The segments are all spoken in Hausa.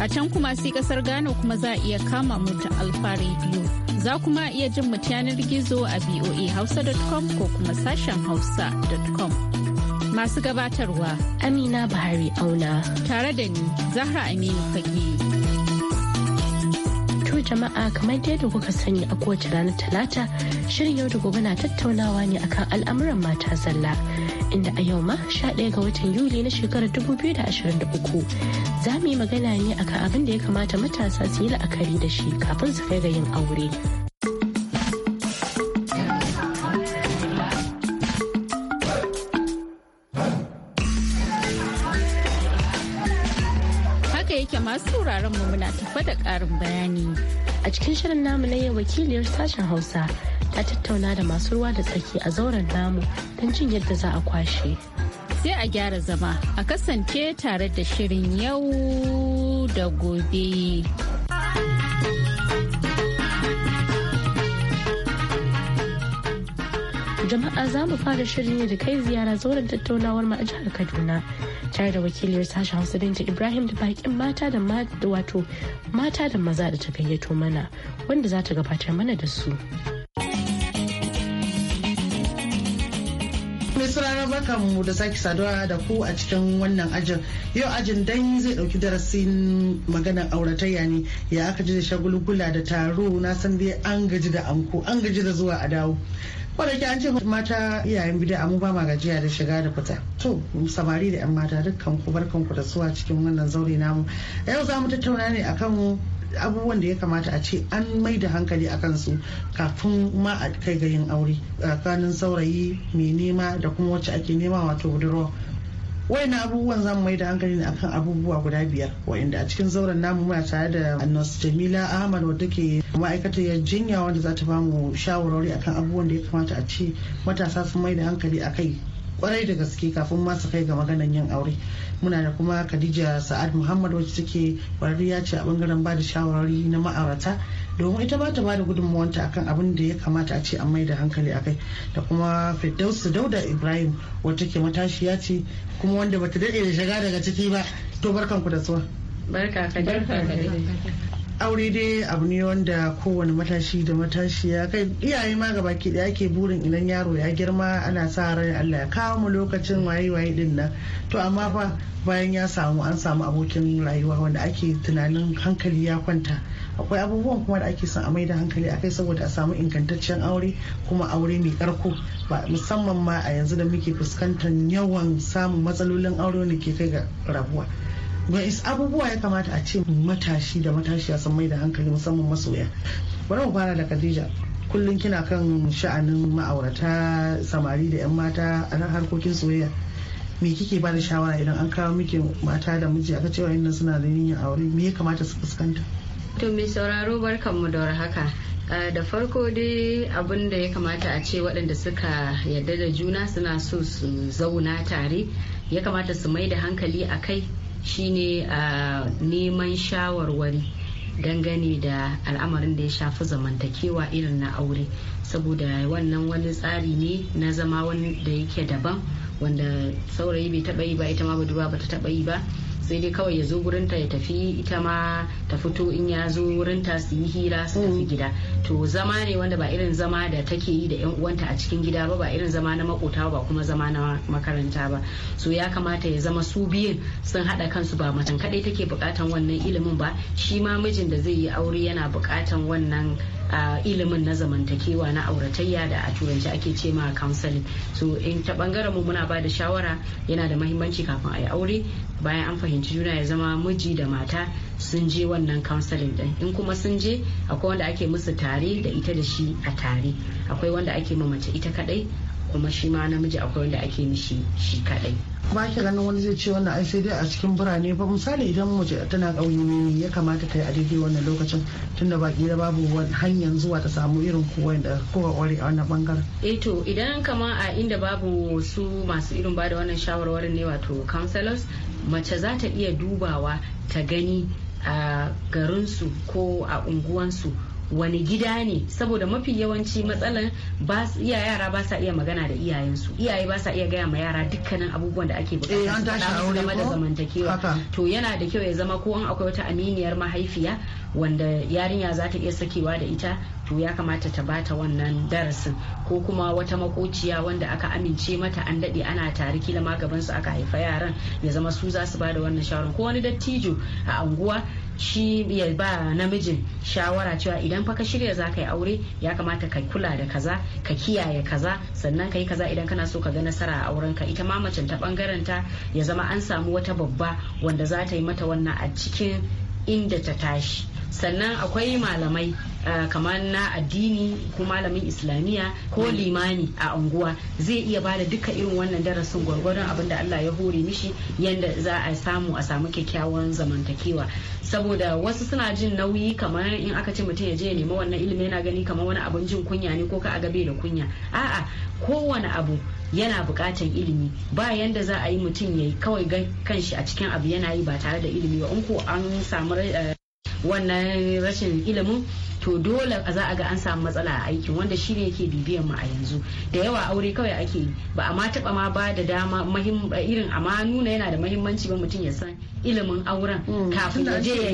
A can kuma sai kasar Ghana kuma za a iya kama mu ta Alfa Radio. Za kuma iya jin mu yanar gizo a voahausa.com ko kuma sashen hausa.com. Masu gabatarwa Amina Bahari Auna. Tare da ni Zahra Aminu Fage. To jama'a kamar yadda kuka sani a kowace ranar talata shirin yau da gobe na tattaunawa ne akan al'amuran mata sallah. inda a yau ma sha 11 ga watan Yuli na shekarar 2023 za mu yi magana ne akan abin da ya kamata matasa su yi la'akari da shi kafin su kai ga yin aure. Haka yake masu sauraron mu muna tafa da ƙarin bayani. A cikin shirin namu na yau wakiliyar sashen Hausa ta tattauna da masu ruwa da tsaki a zauren namu don jin yadda za a kwashe. Sai a gyara zama a kasance tare da shirin yau da gobe. jama'a za mu fara shirin ne da kai ziyara zauren tattaunawar a jihar kaduna tare da wakiliyar sashen hausa binta ibrahim da bakin mata da wato mata da maza da ta gayyato mana wanda za ta gabatar mana da su. Masu ranar barkan mu da sake saduwa da ku a cikin wannan ajin. Yau ajin dan zai dauki darasin maganar auratayya ne ya aka ji da shagulgula da taro na san dai an gaji da anko an gaji da zuwa a dawo. Kwanaki an ce mata iyayen bida mu ba ma gajiya da shiga da fita. To samari da 'yan mata dukkan ku barkan ku da zuwa cikin wannan zaure namu. Yau za mu tattauna ne akan abubuwan da ya kamata a ce an mai da hankali a kansu kafin ma a kai ga yin aure tsakanin saurayi mai nema da kuma wacce ake nema wato budurwa na abubuwan zamu mai da hankali ne akan abubuwa guda biyar wa'inda a cikin zauren namu muna tare da nurse jamila ahmad wadda ke ma'aikatar jinya wanda za ta bamu shawarwari akan abubuwan da ya kamata a ce matasa sun mai da hankali a kai kwarai da gaske kafin masu kai ga maganan yin aure muna da kuma khadija sa'ad muhammad wacce take kwararriya ce a bangaren ba da shawarwari na ma'aurata domin ita ba ta ba da gudunmawanta akan abin da ya kamata a ce an mai da hankali akai da kuma firdausu dauda ibrahim wacce ke matashiya ce kuma wanda bata daɗe da shiga daga ciki ba to barkanku da tsuwa barka aure dai abu ne wanda kowane matashi da matashiya kai iyaye ma gaba ke da ake burin idan yaro ya girma ana sa ran Allah ya kawo mu lokacin waye waye din nan to amma fa bayan ya samu an samu abokin rayuwa wanda ake tunanin hankali ya kwanta akwai abubuwan kuma da ake son a maida hankali akai saboda a samu ingantaccen aure kuma aure mai karko ba musamman ma a yanzu da muke fuskantar yawan samun matsalolin aure ne ke kai ga rabuwa is abubuwa ya kamata a ce matashi da matashiya sun mai da hankali musamman masoya bari mu fara da khadija kullum kina kan sha'anin ma'aurata samari da 'yan mata a nan harkokin soyayya me kike ba da shawara idan an kawo miki mata da miji aka cewa inda suna da niyyar aure me ya kamata su fuskanta to mai sauraro mu da haka ah, da farko dai abin da ya kamata a ce waɗanda suka yarda da juna suna so su zauna tare ya kamata su mai da hankali a kai shine a uh, neman shawarwari dangane da al'amarin da ya shafi zamantakewa irin na aure saboda wannan wani tsari ne na zama wani da yake daban wanda saurayi bai taba yi ba ita ma budurwa bata taba yi ba sai dai kawai ya zo gurinta ya tafi ita ma ta fito in ya zo gurinta su yi hira su tafi mm. gida to zama ne wanda ba irin zama da take yi da yan uwanta a cikin gida ba ba irin zama na makota ba kuma zama na makaranta ba so ya kamata ya zama su biyun sun hada kansu ba macen kadai take bukatan wannan ilimin ba shi ma mijin da zai yi aure yana bukatan wannan a ilimin na zamantakewa na auratayya da a turanci ake ce ma counseling so in ta bangaren mu muna ba da shawara yana da mahimmanci kafin a yi aure bayan an fahimci juna ya zama miji da mata sun je wannan counseling din in kuma sun je akwai wanda ake musu tare da ita da shi a tare akwai wanda ake ma mace ita kadai kuma shi ma namiji akwai wanda ake mishi shi kadai ba ki ganin wani zai ce wannan ai sai dai a cikin birane ba misali idan mace tana ƙauye ya kamata ta yi a daidai wannan lokacin tunda ba da babu hanyar zuwa ta samu irin kowa da kowa a wannan bangaren. eh to idan kama a inda babu su masu irin ba da wannan shawarwarin ne wato counselors mace za ta iya dubawa ta gani a garinsu ko a unguwansu wani gida ne saboda mafi yawanci matsalan iya yara ba sa iya magana da iyayensu iyaye ba sa iya gaya ma yara dukkanin abubuwan da ake eh, bukata su da zamantakewa to yana da kyau ya zama ko an akwai wata aminiyar mahaifiya wanda yarinya za ta iya sakewa da ita to ya kamata ta bata wannan darasin ko kuma wata makociya wanda aka amince mata an daɗe ana tare kila ma gaban su aka haifa yaran ya zama su za su da wannan shawaran ko wani dattijo a anguwa shi ya ba namijin shawara cewa idan fa ka shirya za ka yi aure ya kamata ka kula da kaza ka kiyaye kaza sannan ka yi kaza idan kana so ka ga nasara a auren ka ita ma macen ta bangaren ta ya zama an samu wata babba wanda za ta yi mata wannan a cikin inda ta tashi sannan akwai malamai Uh, kamar na addini ko malamin islamiyya ko mm. limani a unguwa zai iya bada duka irin wannan darasin gwargwadon abin da Allah ya hore mishi yadda za a samu a samu kyakkyawan zamantakewa saboda wasu suna jin nauyi kamar in aka ce mutum ya je ya nemi wannan ilimi yana gani kamar wani abin jin kunya ne ko ka aga bai da kunya a'a kowane abu yana bukatan ilimi ba yanda za a yi mutum ya kawai ga kanshi a cikin abu yana yi ba tare da ilimi ba in ko an samu eh, wannan rashin ilimin to dole a za a ga an samu matsala a aikin wanda shi ne ke bibiyan mu a yanzu da yawa aure kawai ake yi ba a ma taba ma ba da dama eh, irin a nuna yana da mahimmanci ba mutum ya san ilimin auren mm. kafin ya je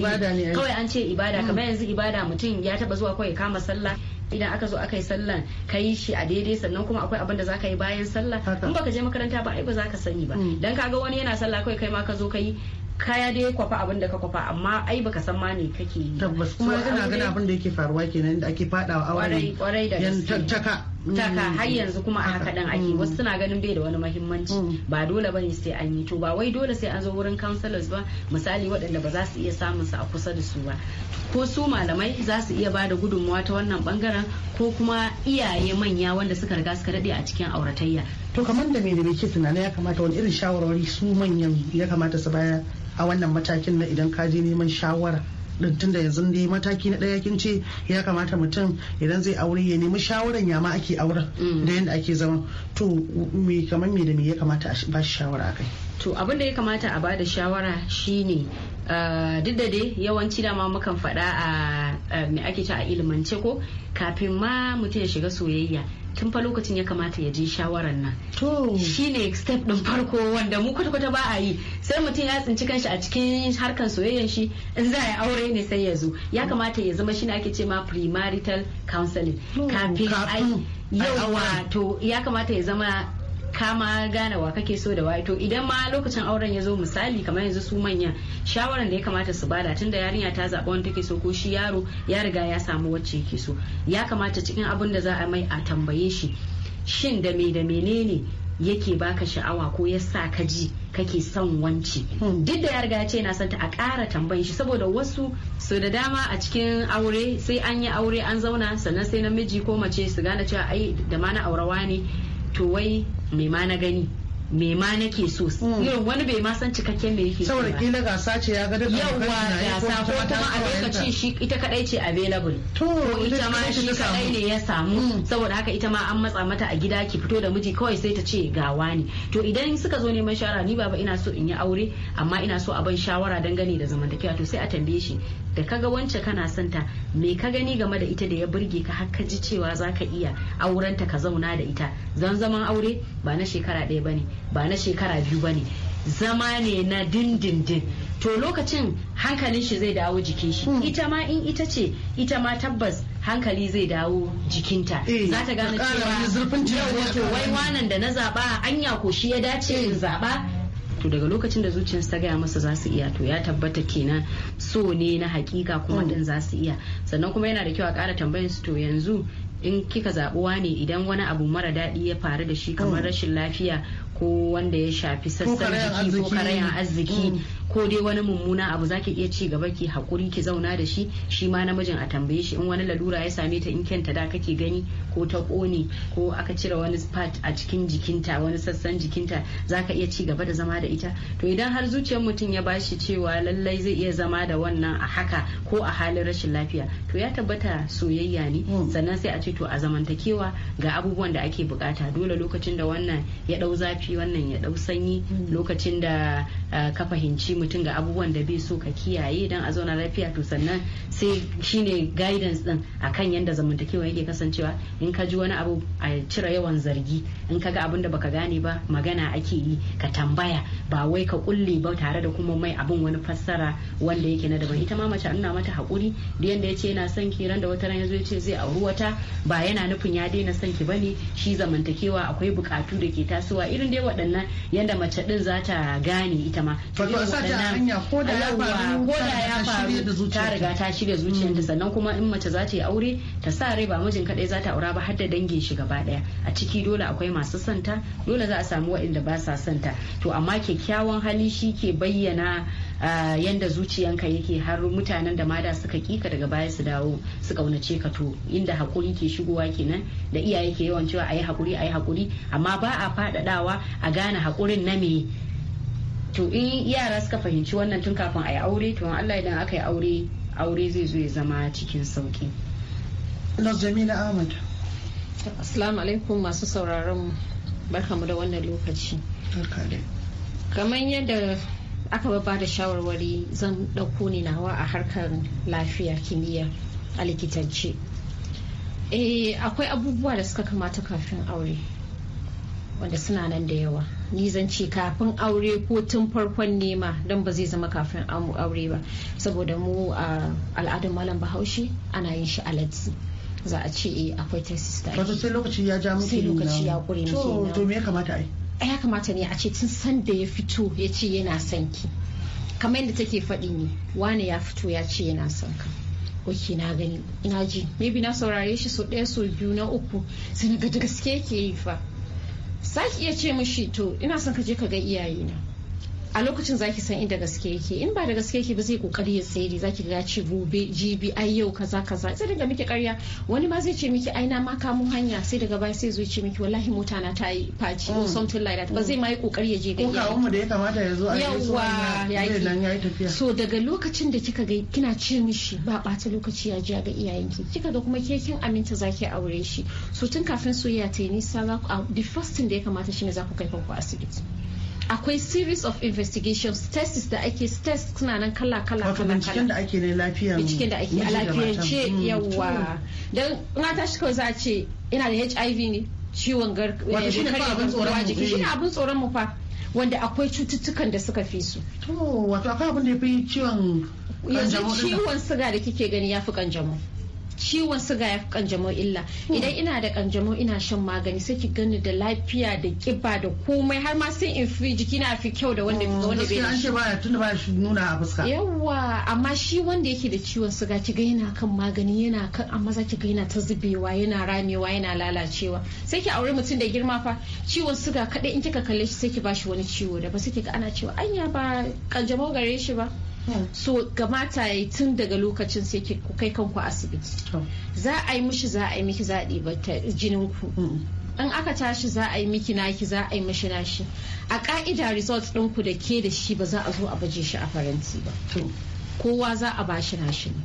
kawai an ce ibada kamar mm. yanzu ibada mutum ya taba zuwa kawai kama sallah idan aka zo aka yi sallan ka yi shi a daidai sannan kuma akwai abin da za ka yi bayan sallah in baka je makaranta ba ai ba za ka sani ba mm. dan ga wani yana sallah kawai kai ma ka zo ka yi kaya dai kwafa abin da ka kwafa amma ai baka san ma ne kake yi tabbas kuma kana gana abin da yake faruwa kenan da ake fadawa a kwarai da taka taka mm. har yanzu kuma a haka dan ake mm. wasu suna ganin bai da wani mahimmanci mm. ba dole bane sai an yi to ba wai dole sai an zo wurin counselors ba misali waɗanda ba za su iya samun su a kusa da su ba ko su malamai za su iya bada gudunmawa ta wannan bangaren ko kuma iyaye manya wanda suka riga suka daɗe a cikin auratayya to kamar da me da ke tunanin ya kamata wani irin shawarwari su manyan ya kamata su baya a wannan matakin na idan ka je neman shawara din tunda yanzu dai mataki na daya kin ce ya kamata mutum idan zai aure ya nemi shawaran ya ma ake aure. Mm. da yadda ake zama to me kamar me da me ya kamata a ba shi shawara akai to abin da ya kamata a bada shawara shine ah, duk da dai yawanci dama mukan faɗa a me ake ta a ilimance ko kafin ma mutum ya shiga soyayya tun fa lokacin ya kamata ya je shawarar nan to ne step ɗin farko wanda mu kwata kwata ba a yi sai mutum ya tsinci kanshi a cikin harkar soyayyan shi in za a aure ne sai ya zo ya kamata ya zama shi shine ake ce ma premarital counseling kafin ai yau wato ya kamata ya zama kama ma gane wa kake so da wai to idan ma lokacin auren ya zo misali kamar yanzu su manya shawaran da ya kamata su bada tunda yarinya ta zaɓa wanda take so ko shi yaro ya riga ya samu wacce yake so ya kamata cikin abin da za a mai a tambaye shi shin da me da menene yake baka sha'awa ko ya sa ka ji kake son wanci hmm. duk da ya riga ce yana santa a kara tambayin shi saboda wasu su da dama a cikin aure sai an yi aure an zauna sannan sai namiji ko mace su gane cewa ai da ma na aurawa ne to wai mai ma na gani me ma nake so mm. yau wani bai ma san cikakken me yake saboda kila gasa ce ya ga dukkan yawa gasa ko kuma a lokacin shi ita kadai ce available to ita ma shi kadai ne ya samu mm. saboda haka ita ma an matsa mata a gida ki fito da miji kawai sai ta ce gawa ne to idan suka zo neman shawara ni baba ina so in yi aure amma ina so a ban shawara dangane da zamantakewa to sai a tambaye shi da kaga wance kana son ta me ka gani game da ita da ya burge ka har ka ji cewa zaka iya aurenta ka zauna da ita zan zaman aure ba na shekara ɗaya bane ba na shekara biyu ba ne zama ne na dindindin to lokacin hankalin shi zai dawo jikin shi hmm. ita ma in ita ce ita ma tabbas hankali zai dawo jikinta eh, za ta gane cewa wato wai wanan da na zaba an ko shi ya dace in eh. zaba to daga lokacin da zuciyarsu ta gaya masa za su iya to ya tabbata kenan so ne na hakika kuma din hmm. za su iya sannan kuma yana da kyau a kara tambayar su to yanzu in kika zaɓuwa ne idan wani abu mara daɗi ya faru da shi kamar hmm. rashin lafiya ko wanda ya shafi sassan jiki ko karayan arziki mm. ko dai wani mummuna abu zaki iya ci gaba ki hakuri ki zauna da shi shi ma namijin a tambaye shi in wani lalura ya same ta in kenta da kake gani ko ta kone ko aka cire wani part a cikin jikinta wani sassan jikinta zaka iya ci gaba da zama da ita to idan har zuciyar mutum ya bashi cewa lallai zai iya zama da wannan a haka ko a halin rashin lafiya to ya tabbata soyayya ne hmm. sannan sai a ce to a zamantakewa ga abubuwan da ake bukata dole lokacin da wannan ya dau zafi wannan ya dau sanyi hmm. lokacin da eh, ka fahimci mutum ga abubuwan da bai so ka kiyaye don a zauna lafiya to sannan sai shine guidance din akan yadda zamantakewa yake kasancewa in ka ji wani abu a cire yawan zargi in ka ga abin da baka gane ba magana ake yi ka tambaya ba wai ka kulle ba tare da kuma mai abin wani fassara wanda yake na daban ita ma mace nuna mata hakuri da yanda ce yana son ki ran da wata ran ya ce zai auri wata ba yana nufin ya daina son ki ba ne shi zamantakewa akwai bukatu da ke tasowa irin dai waɗannan yadda mace din za ta gane ita ma. Wato a sa ta sannan ko da ya faru ta riga ta shirya zuciyarta hmm. sannan kuma in mace za ta yi aure ta sa rai ba mijin kadai za ta aura ba har da dangin shi gaba daya a ciki dole akwai masu santa dole za a samu waɗanda ba sa santa to amma kyakkyawan hali shi ke bayyana Uh, yanda zuciyanka yake har mutanen da ma suka kika daga baya su dawo su kaunace ka to inda hakuri ke shigowa kenan da iyaye ke yawan cewa ayi hakuri ayi hakuri amma ba a faɗaɗawa a gane hakurin na me to in yara suka fahimci wannan tun kafin a yi aure to Allah idan aka yi aure aure zai zo ya zama cikin sauki Nas Jamila Ahmad Assalamu alaikum masu sauraron barkamu da wannan lokaci kamar yadda aka ba da shawarwari zan ɗauko ne nawa a harkar lafiya kimiyya a likitance eh akwai abubuwa da suka kamata kafin aure wanda suna nan da yawa ni zan ce kafin aure ko tun farkon nema don ba zai zama kafin aure ba saboda mu a al'adun malam bahaushe ana yin shi alatsi za a ce eh, akwai ta sista ake sai lokaci ya ja lokaci ya kure to me ya kamata ai ya kamata ne a ce tun san da ya fito ya ce yana son ki kamar yadda take faɗi ne wane ya fito ya ce yana son ka ok na gani na ji maybe na saurare shi so ɗaya so biyu na uku sai na ga gaske yake yi fa saki iya ce mishi to ina son ka je ka ga iyayena a lokacin zaki san inda gaske yake in ba da gaske yake ba zai kokari ya tsere zaki ga ci gobe jibi ai yau kaza kaza sai daga miki ƙarya wani ma zai ce miki ai na ma mun hanya sai daga baya sai zo ce miki wallahi mota na ta yi faci or mm. something like that ba zai ma yi kokari ya je ga ko mu da ya kamata ya zo a yi nan ya yi tafiya so daga lokacin da kika ga kina ce mishi ba bata lokaci ya ja ga iyayenki kika ga kuma ke kin aminta zaki aure shi so tun kafin soyayya ta yi nisa za ku the first thing da ya kamata shine za ku kai kanku asibiti akwai series of investigations tests da ake test suna nan kala kala kala kala. da ake ne lafiya binciken da ake a lafiyance mm, yawa dan mata shi kawai za a ce ina da HIV ne ciwon garkuwa eh, jiki ne eh. abin tsoron mu fa wanda akwai cututtukan da suka fi su to wato akwai abin da ya fi ciwon yanzu ciwon siga da kike gani ya fi kanjamu. ciwon suga ya fi kanjamau illa idan ina da kanjamau ina shan magani sai ki gani da lafiya da kiba da komai har ma sai in fi jiki na fi kyau da wanda mm, wanda bai da ba ya tunda ba shi nuna a fuska yawa amma shi wanda yake da ciwon suga ga yana kan magani yana kan amma za ga yana ta zubewa yana ramewa yana lalacewa sai ki aure mutum da girma fa ciwon suga kadai in kika kalle shi sai ki bashi wani ciwo da ba sai ki ga ana cewa anya ba kanjamau gare shi ba so gamata ya tun daga lokacin sai ku kai kanku asibiti za a yi mishi za a yi miki za a ɗiba jinin ku in aka tashi za a yi miki naki za a yi mashi nashi a ka'ida results ɗinku da ke da shi ba za a zo a baje shi a faranti ba kowa za a bashi nashi ne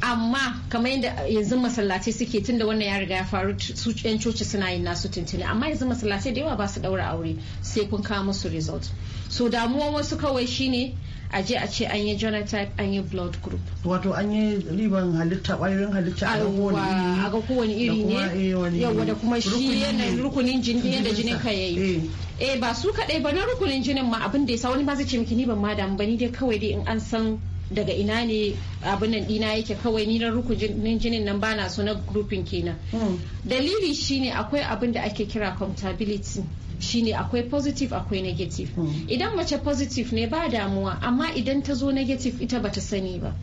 amma kamar yadda yanzu masallatai suke tun da wannan ya riga ya faru su yan coci suna yin nasu tuntuni amma yanzu masallatai da yawa ba su daura aure sai kun kawo musu result so damuwan wasu kawai shine a je a ce an yi genotype an yi blood group wato an yi riban halitta ƙwayoyin halitta a ga kowane iri ne eh, yawa da kuma shi yanayin rukunin jini yadda jinin ka yayi eh. eh ba su kaɗai ba na rukunin jinin ma abin da ya sa wani ba zai ce miki ni ban ma damu ba ni dai kawai dai in an san daga ina ne abin nan dina yake kawai ni na rukunin jinin nan bana so na grouping kenan hmm. dalili shine akwai abin da ake kira comptability shine akwai positive akwai negative hmm. idan mace positive ne ba damuwa amma idan ta zo negative ita bata sani ba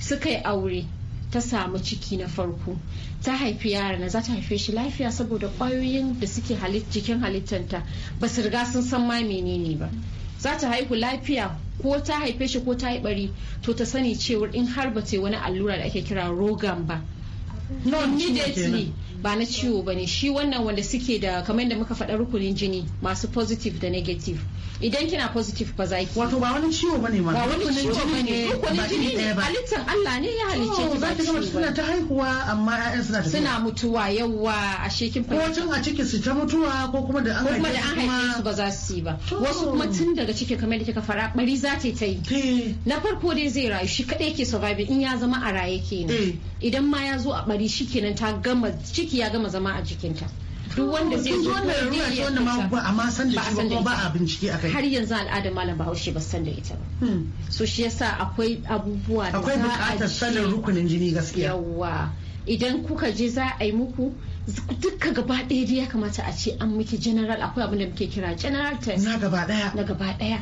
suka yi aure ta samu ciki na farko ta haifi na za ta haife shi lafiya saboda kwayoyin da suke jikin halittanta ba su riga sun san ma menene ba za ta haihu lafiya ko ta haife shi ko ta yi bari to ta sani cewar in har ba ta wani allura da ake kira rogan ba no immediately ba na ciwo bane shi wannan wanda suke da kamar da muka faɗa rukunin jini masu positive da negative idan kina positive ba za ki wato ba wani ciwo bane ma ba wani ciwo bane rukunin jini ne halittar Allah ne ya halicce ki oh, ba ciwo suna ta haihuwa amma ƴaƴan suna ta suna mutuwa yawa a shekin fa ko tun a ciki su ta mutuwa ko kuma da an haife su ba za su yi ba wasu kuma tun daga ciki kamar da kika fara bari za ta yi eh. na farko dai zai rayu shi kadai yake surviving in ya zama a raye kenan eh. idan ma ya zo a bari shi kenan ta gama ciki ciki ya gama zama a jikinta duk wanda zai zo wannan ruwa ce wanda ma san da shi ba a bincike akai har yanzu al'adar malam Bahaushe ba san da ita ba hmm. so shi yasa akwai abubuwa da akwai bukatar sanin rukunin jini gaskiya yawa idan kuka je za a yi muku dukka gaba daya dai ya kamata a ce an miki general akwai abin da muke kira general test na gaba daya na gaba daya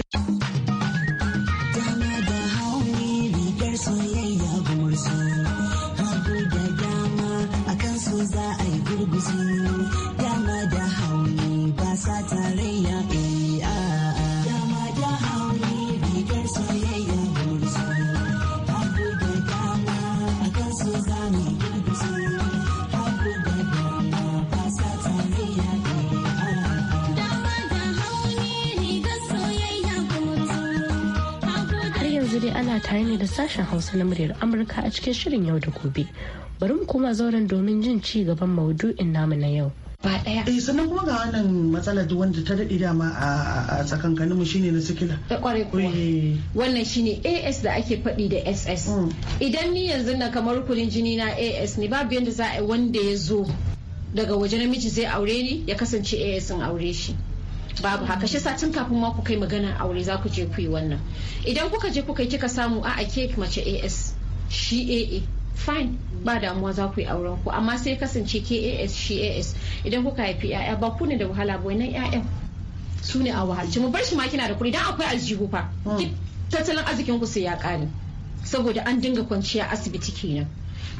dama da hauni eh, ah, ah. da hauni soyayya da dama a kan da dama eh, ah, Har yanzu dai ana tare ne da sashen Hausa na muryar Amurka a cikin shirin yau da gobe. bari mu koma zauren domin jin ci gaban maudu'in namu na yau ba daya eh sannan kuma ga wannan matsalar wanda ta da dama a tsakankaninmu shine na sikila da eh, kwarai kuma eh. wannan shine as da ake faɗi da ss mm. idan ni yanzu na kamar rukunin jini na as ne babu yadda za a wanda ya zo daga waje namiji zai aure ni ya kasance as in aure shi babu haka shi satin kafin ma ku kai maganar aure za ku je ku yi wannan idan kuka je kuka kika samu a ke mace as shi aa fine ba damuwa za ku yi auren ku amma sai kasance kas shi as idan kuka haifi 'ya'ya ba ku ne da wahala ba nan 'ya'yan su ne a wahalci mu bar shi ma kina da kuɗi dan akwai aljihu fa hmm. tattalin arzikin ku sai ya kare saboda an dinga kwanciya asibiti kenan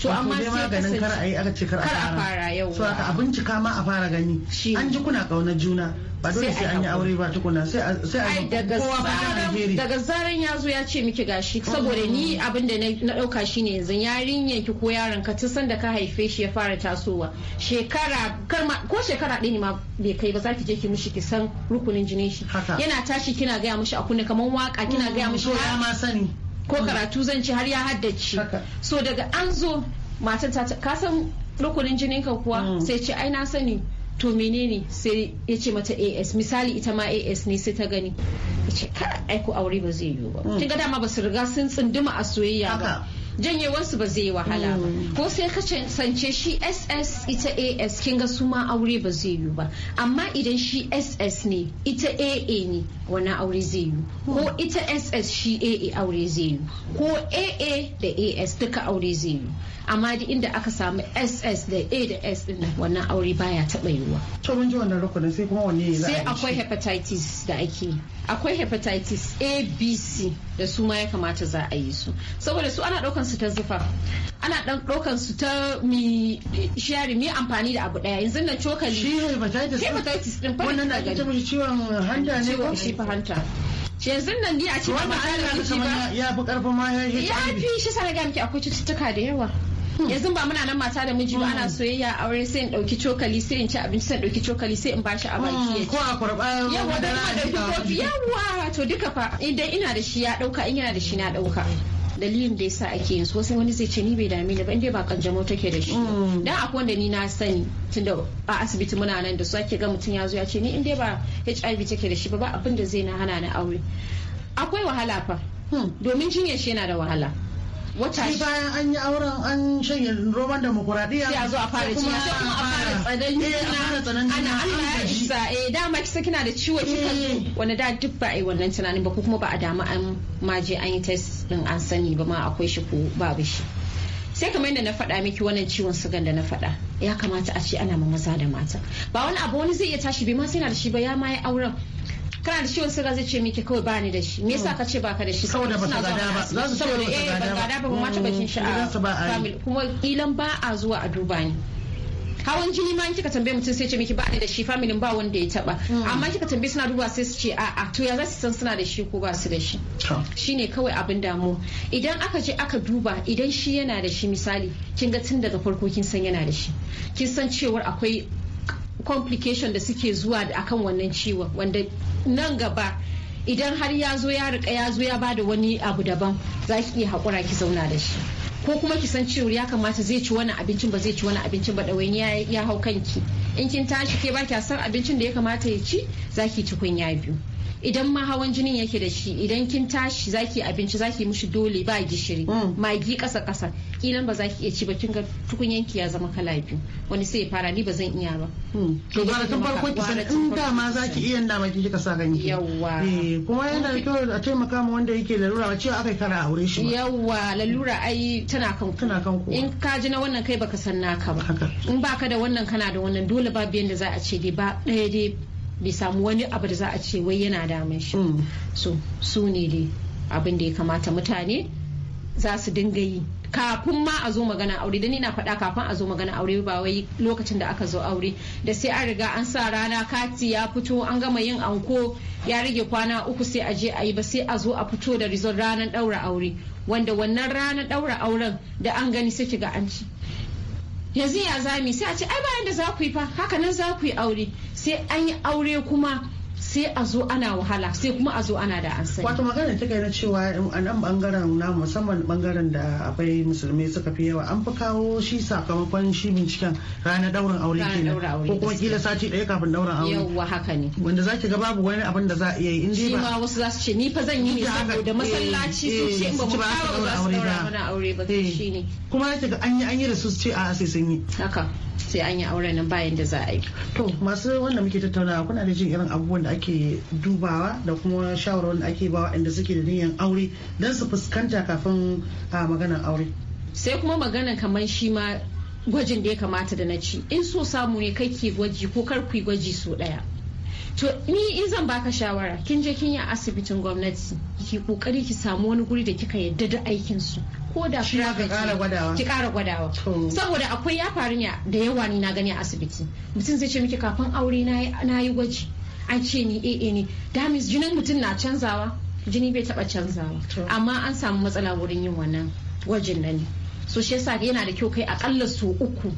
to amma sai maganin kar a yi aka ce kar a fara yau so aka a bincika ma a fara gani an ji kuna kauna juna ba dole sai an yi aure ba tukuna sai a daga daga zaran ya zo ya ce miki gashi mm. saboda ni abin da na dauka shine yanzu yarinyar ki ko yaron ka tun san da ka haife shi ya fara tasowa shekara ko shekara ɗaya ne ma bai kai ba za ki je ki mishi ki san rukunin jinin shi yana tashi kina gaya mishi a kunne kamar waka kina gaya mishi mm, ya ma sani ko mm. karatu zan ci har ya haddace so daga an zo matan ta kasan rukunin jinin ka kuwa sai ce ai na sani to menene sai ya ce mata as misali ita ma as ne sai ta gani ya ce ka aiko aure ba zai yiwu ba mm. kin ga dama ba su riga sun tsunduma a soyayya ba janyewarsu ba zai yi wahala ba mm. ko sai ka sance shi ss ita as kin ga su ma aure ba zai yiwu ba amma idan shi ss ne ita aa ne wani aure zai yiwu. ko mm. ita ss shi aa aure zai yiwu ko aa da as duka aure zai yiwu amma duk inda aka samu ss da a da s din wannan aure baya taba yiwuwa to mun ji wannan rukunin sai kuma wanne sai akwai hepatitis da ake akwai hepatitis a b c da su ma ya kamata za a yi su saboda su ana daukan su ta zufa ana dan daukan su ta mi shari mi amfani da abu daya yanzu na cokali shi hepatitis hepatitis din fara wannan na ita mishi ciwon hanta ne ko shi fa hanta shi yanzu nan ni a cikin wannan ya fi karfin ma ya fi shi sanadiyar miki akwai cututtuka da yawa yanzu ba muna nan mata da miji ba ana soyayya aure sai in dauki cokali sai in ci abinci sai dauki cokali sai in ba shi baki ya hmm, ko a kurba yawa da na dauki kofi yawa to duka fa idan ina da shi ya dauka in yana da shi na dauka dalilin da yasa ake yin su wasu wani zai ce ni bai dami ni ba inda ba kanjamau take da shi hmm. dan akwai wanda ni na sani tunda a asibiti muna nan da su ake ga mutum ya zo ya ce ni inda ba HIV take da shi ba ba abin da zai na hana ni aure akwai wahala fa hmm. domin jinyar shi yana da wahala wata shi bayan an yi auren an shanye roman demokuraɗiyya ya zo a fara ya kuma a fara tsadan eh, ana Allah ya isa eh dama kisa kina da ciwo kika eh. wani da duk ba a yi wannan tunanin ba ko kuma ba a dama an maje an yi test din an sani ba ma akwai shi ko babu shi sai kamar yadda na faɗa miki wannan ciwon sugan da na faɗa ya kamata a ce ana ma maza da mata ba wani abu wani zai iya tashi bai ma sai na da shi ba ya ma ya auren kana da ciwon suga zai ce miki kawai ni da shi me yasa ka ce baka da shi saboda ba gada ba za su ce eh, ba gada ba ba ma taba a kuma kilan ba a zuwa a duba ni hawan jini ma in kika tambaye mutum sai ce miki ba ni da shi familin ba wanda ya taba hmm. amma kika tambaye suna duba sai su ce a to ya za su san suna da shi ko ba su da shi shine kawai abin damu idan aka je aka duba idan shi yana da shi misali kin ga tun daga farko kin san yana da shi kin san cewar akwai complication da suke zuwa akan wannan ciwon wanda nan gaba idan har ya zo ya rika ya zo ya bada wani abu daban za ki iya haƙura ki zauna da shi ko kuma ki san cewa ya kamata zai ci wani abincin ba zai ci wani abincin ba ɗawainiya ya hau kanki in kin tashi ke ba a san abincin da ya kamata ya ci za ki ci kunya biyu idan ma hawan jinin yake da shi idan kin tashi zaki abinci zaki mushi dole ba gishiri mm. magi kasa kasa kilan ba zaki iya ci ba kin ga tukunyanki ya zama kala biyu wani sai ya fara ni ba zan iya ba mm. to ba tun farko ki san in da ma zaki iya da ma kika sa ganki yawa eh, kuma yana da kyau a taimaka ma wanda yake lalura cewa akai kara aure shi yawa lalura ai tana kan tana kan in ka ji na wannan kai baka san naka ba in baka da wannan kana da wannan dole ba biyan da za a ce dai ba daya dai bai samu wani abu da za a ce wai yana damun shi mm. so su ne dai abin da ya kamata mutane za su dinga yi kafin ma a zo magana aure da ni na faɗa kafin a zo magana aure ba wai lokacin da aka zo aure da sai an riga an sa rana kati ya fito an gama yin anko ya rage kwana uku sai a je a yi ba sai a zo a fito da rizon ranar ɗaura aure wanda wannan ranar ɗaura auren da an gani sai ki ga an ci yanzu ya zami sai a ce ai bayan da za ku yi fa haka nan za ku yi aure sai an yi aure kuma sai a zo ana wahala sai kuma a zo ana da an sani. Wato magana ta kai na cewa a nan bangaren na musamman bangaren da akwai musulmi suka fi yawa an fi kawo shi sakamakon shi binciken ranar daurin aure kenan ko kuma kila sati ɗaya kafin daurin aure. Yawwa haka ne. Wanda za ki ga babu wani abin da za a iya yi in dai ba. Shi ma wasu za su ce ni fa zan yi ne saboda eh, masallaci eh, su ce ba mu kawo ba su daura mana aure ba eh. shi ne. Kuma za ki ga an yi an yi da su ce a sai sun yi. Haka sai an yi auren nan bayan da za a yi. To masu wanda muke tattaunawa kuna da jin irin abubuwan da ake dubawa da kuma shawarwarin da ake bawa inda suke da niyan aure don su fuskanta kafin a maganar aure sai kuma magana kamar shi ma gwajin da ya kamata da na ci in so samu ne kai ke gwaji ko kar ku gwaji so daya to ni in zan baka shawara kin je kin yi asibitin gwamnati ki kokari ki samu wani guri da kika yadda da aikin su ko da ki kara gwadawa saboda akwai ya faru da yawa ni na gani a asibiti mutum zai ce miki kafin aure na yi gwaji an ce ni AA ne damis jinin mutum na canzawa jini bai taba canzawa amma an samu matsala wurin yin wannan gwajin nan so shi yasa yana da kyau kai akalla su uku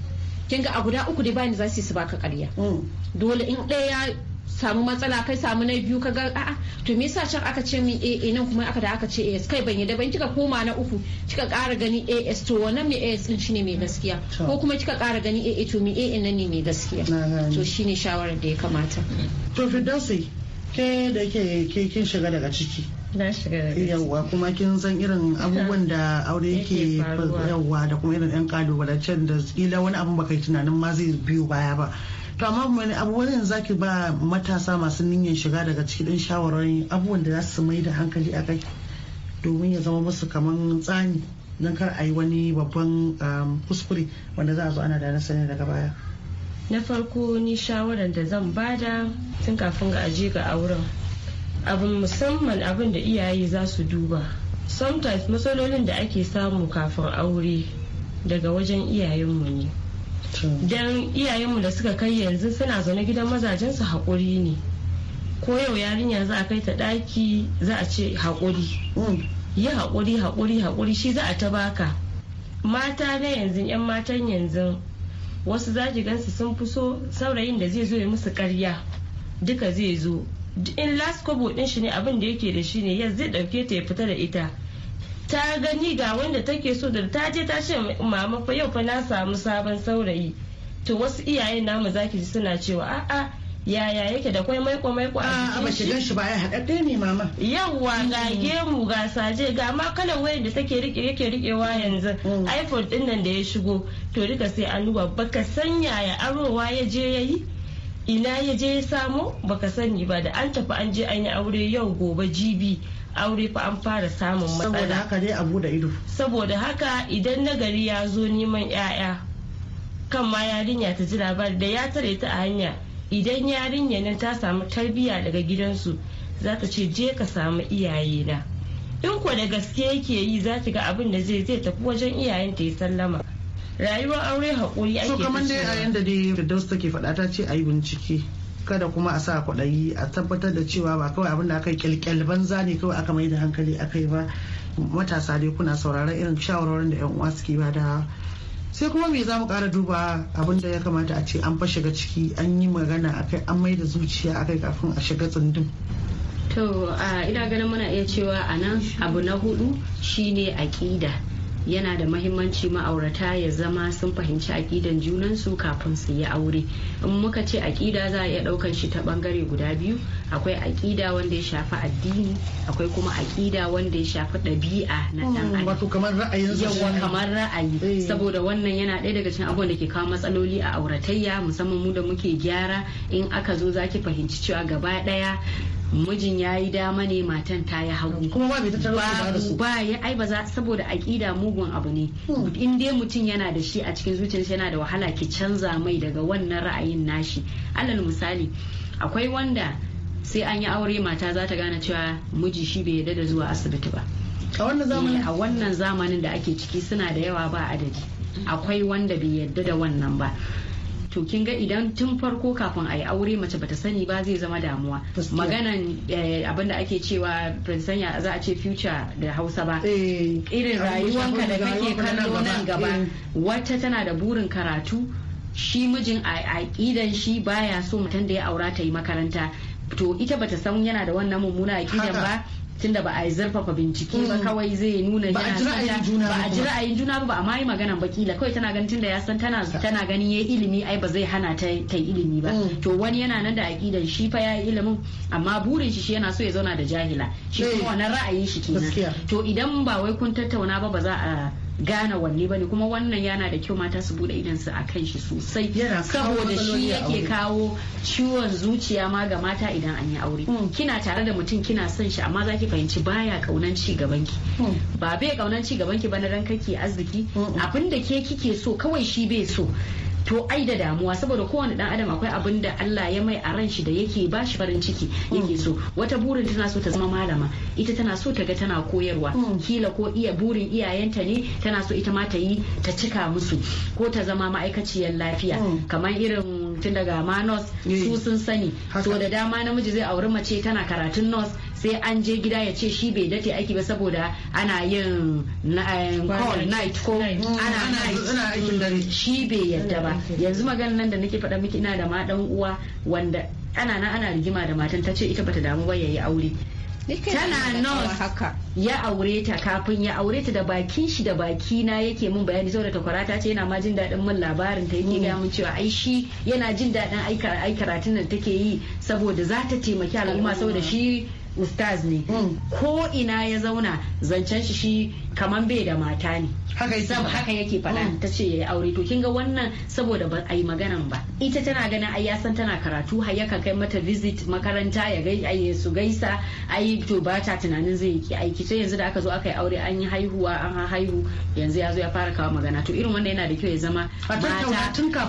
kinga a guda uku dai bani za su yi su baka karya mm. dole in ɗaya samu matsala kai samu na biyu ka ga a'a to me yasa can aka ce min AA nan kuma aka da aka ce AS kai ban da ban kika koma na uku kika kara gani AS to wannan mai AS din shine mai gaskiya ko kuma kika kara gani AA to me AA nan ne mai gaskiya to shine shawarar da ya kamata to fidansi ke da ke kin shiga daga ciki na shiga daga ciki. yawwa kuma kin san irin abubuwan da aure yake yawwa da kuma irin yan can da kila wani abun baka yi tunanin ma zai biyo baya ba to amma wani abubuwan yanzu zaki ba matasa masu niyyar shiga daga cikin shawarwarin abubuwan da za su mai da hankali a kai domin ya zama musu kaman tsani don kar a yi wani babban um, kuskure wanda za a zo ana da na sani daga baya na farko ni shawarar da zan bada tun kafin ga aje ga auren abin musamman abin da iyaye za su duba sometimes matsalolin da ake samu kafin aure daga wajen iyayenmu ne don iyayenmu da suka kai yanzu suna zaune gidan mazajensu haƙuri ne ko yau yarinya za a kai ta ɗaki za a ce haƙuri mm. yi haƙuri haƙuri haƙuri shi za a ta baka mata na yanzu 'yan matan yanzu wasu zaki gansu sun fi so saurayin da zai zo ya musu karya duka zai zo in last kobo shi ne abin da yake da shi ne yanzu zai ɗauke ta ya fita da ita ta gani ga wanda take so da ta je ta ce mama fa yau fa na samu sabon saurayi to wasu iyayen namu zaki ji suna cewa a'a yaya yake da kwai maiko maiko a ba shigan shi baya haɗaɗɗe ne mama yawwa ga mm. gemu ga saje ga ma kalan wayar da take rike yake rikewa mm. yanzu mm. iphone din nan da ya shigo to duka sai an duba baka san yaya arowa ya je yayi ina ya je ya samo baka sani ba da an tafi an je an yi aure yau gobe jibi aure fa an fara samun matsala saboda haka dai abu da ido saboda haka idan nagari ya zo neman 'ya'ya kan ma yarinya ta ji labari da ya tare ta a hanya idan yarinya nan ta samu tarbiyya daga gidansu za ta ce je ka samu iyaye na in kuwa da gaske yake yi za ki ga abin da zai zai tafi wajen iyayen ta ya sallama rayuwar aure haƙuri ake so kamar dai a yanda dai Firdaus ke faɗa ta ce a yi bincike kada kuma a sa kwaɗayi a tabbatar da cewa ba kawai abin da aka yi kyalkyal banza ne kawai aka mai da hankali aka yi ba matasa dai kuna sauraron irin shawarwarin da yan uwa suke ba da sai kuma me za mu kara duba abin da ya kamata a ce an fa shiga ciki an yi magana akai an mai da zuciya akai kafin a shiga tsundum to ina ganin muna iya cewa a nan abu na hudu shine aƙida yana da mahimmanci ma'aurata ya zama sun fahimci aƙidan junansu kafin su yi aure in muka ce aƙida za a iya ɗaukan shi ta ɓangare guda biyu akwai aƙida wanda ya shafi addini akwai kuma aƙida wanda ya shafi ɗabi'a na ɗan hmm, adam wato kamar ra'ayin yawa kamar ra'ayi eh. saboda wannan yana ɗaya daga cikin abubuwan da ke kawo matsaloli a auratayya musamman mu da muke gyara in aka zo zaki fahimci cewa gaba ɗaya mijin ya yi dama ne matan ta yi hagu kuma ba ba ya ai ba za saboda aƙida mugun abu ne hmm. in dai mutum yana da shi a cikin zuciyarsa yana da wahala ki canza mai daga wannan ra'ayin nashi alal misali akwai wanda sai an yi aure mata za ta gane cewa miji shi bai yarda da zuwa asibiti ba a wannan eh, zamanin a wannan zamanin da ake ciki suna da yawa ba adadi akwai wanda bai yarda da wannan ba to kin ga idan tun farko kafin a yi aure mace bata sani ba zai zama damuwa maganan eh, abin da ake cewa ban sanya za a ce future da hausa ba eh, irin rayuwanka da kake kallo nan gaba eh. wacce tana da burin karatu shi mijin a aƙidan shi baya so mutum da ya aura ta yi makaranta to ita bata san yana da wannan mummuna aƙidan ba tunda ba a yi zurfafa bincike ba mm. kawai zai nuna ba a ji ra'ayin juna ba a mayi ba magana ba kila kawai tana ganin tunda ya san tana tana ganin yayi ilimi ai ba zai hana ta kai ilimi ba mm. to wani yana nan da aqidan shi fa yayi ilimin amma burin shi shi yana so ya zauna da jahila shi eh. kuma wannan ra'ayin shi kenan to idan ba wai kun tattauna ba ba za a gane wanne bane kuma wannan yana da kyau mata su bude idan su akan shi sosai saboda shi yake kawo ciwon zuciya ma ga mata idan an yi aure hmm. kina tare da mutum kina son shi amma zaki fahimci baya kaunan ci gaban ki hmm. ba bai kaunan ci gaban ki ba na kake arziki hmm. abinda ke kike so kawai shi bai so to ai da damuwa saboda kowane dan adam akwai abin da Allah ya mai a ran shi da yake ba shi farin ciki yake so wata burin tana so ta zama malama ita tana so ta ga tana koyarwa mm. kila ko iya burin iyayenta ne tana so ita ma ta yi ta cika musu ko ta zama ma'aikaciyar lafiya mm. kamar irin tun daga ma nurse su sun sani so da dama namiji zai auri mace tana karatun nurse sai an je gida ya ce shi bai dace aiki ba saboda ana yin eh, call night ko ana mm, shi bai yadda ba mm, yanzu magana nan da nake faɗa miki ina da ma dan uwa wanda ana na ana rigima da matan ta ce ita bata damu ba yayi aure tana nos ya aure ta kafin ya aure ta da bakin shi da baki na yake min bayani saboda takwara ta ce yana ma jin dadin mun labarin ta yake mm. ga mun cewa ai shi yana jin daɗin ai karatun da take yi saboda za ta taimaki al'umma saboda shi ustaz ne mm. ko ina ya zauna zancen shi shi kaman bai da mata ne haka yake faɗa mm. ta ce ya yi aure to kinga wannan saboda ba a yi maganan ba ita tana ganin ai ya san tana karatu har yakan kai mata visit makaranta ya su gaisa ai to ba ta tunanin zai yi aiki sai yanzu da aka zo aka yi aure an yi haihuwa an haihu yanzu ya zo ya fara kawo magana to irin wanda yana da kyau ya zama mata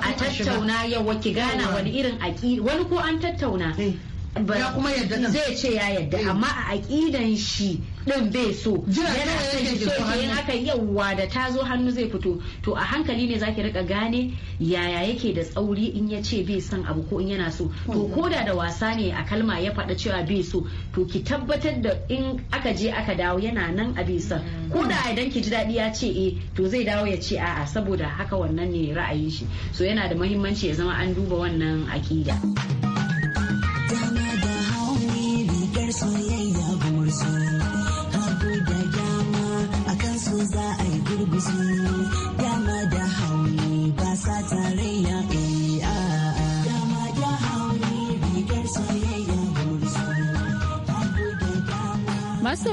a tattauna yawa ki gana wani irin aki wani ko an tattauna eh. ya kuma yadda zai ce ya yadda eh. amma a aƙidan shi din bai so yana son ya so yin haka yawwa da ta zo hannu zai fito to a hankali ne zaki rika gane yaya yake da tsauri in ya ce bai son abu ko in yana so to hmm. koda da wasa ne a kalma ya faɗa cewa bai so to ki tabbatar da in aka je aka dawo yana nan a bai son hmm. koda idan ki ji daɗi ya ce eh to zai dawo ya ce a'a saboda haka wannan ne ra'ayin shi so yana da muhimmanci ya zama an duba wannan aƙida. soyayya buwar soyayya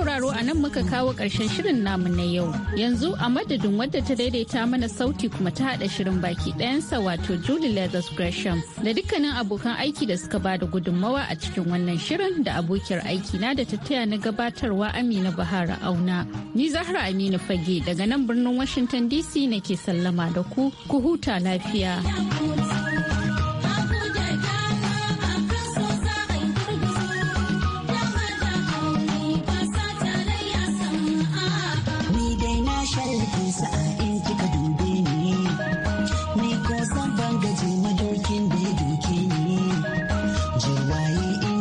sauraro a nan muka kawo ƙarshen shirin namu na yau. Yanzu a madadin wadda ta daidaita mana sauti kuma ta haɗa shirin baki ɗayansa wato Julie Lagos Gresham da dukkanin abokan aiki da suka ba da gudunmawa a cikin wannan shirin da abokiyar aiki na da ta taya na gabatarwa Amina Bahara Auna. Ni Zahra Aminu Fage daga nan birnin Washington DC nake sallama da ku, ku huta lafiya.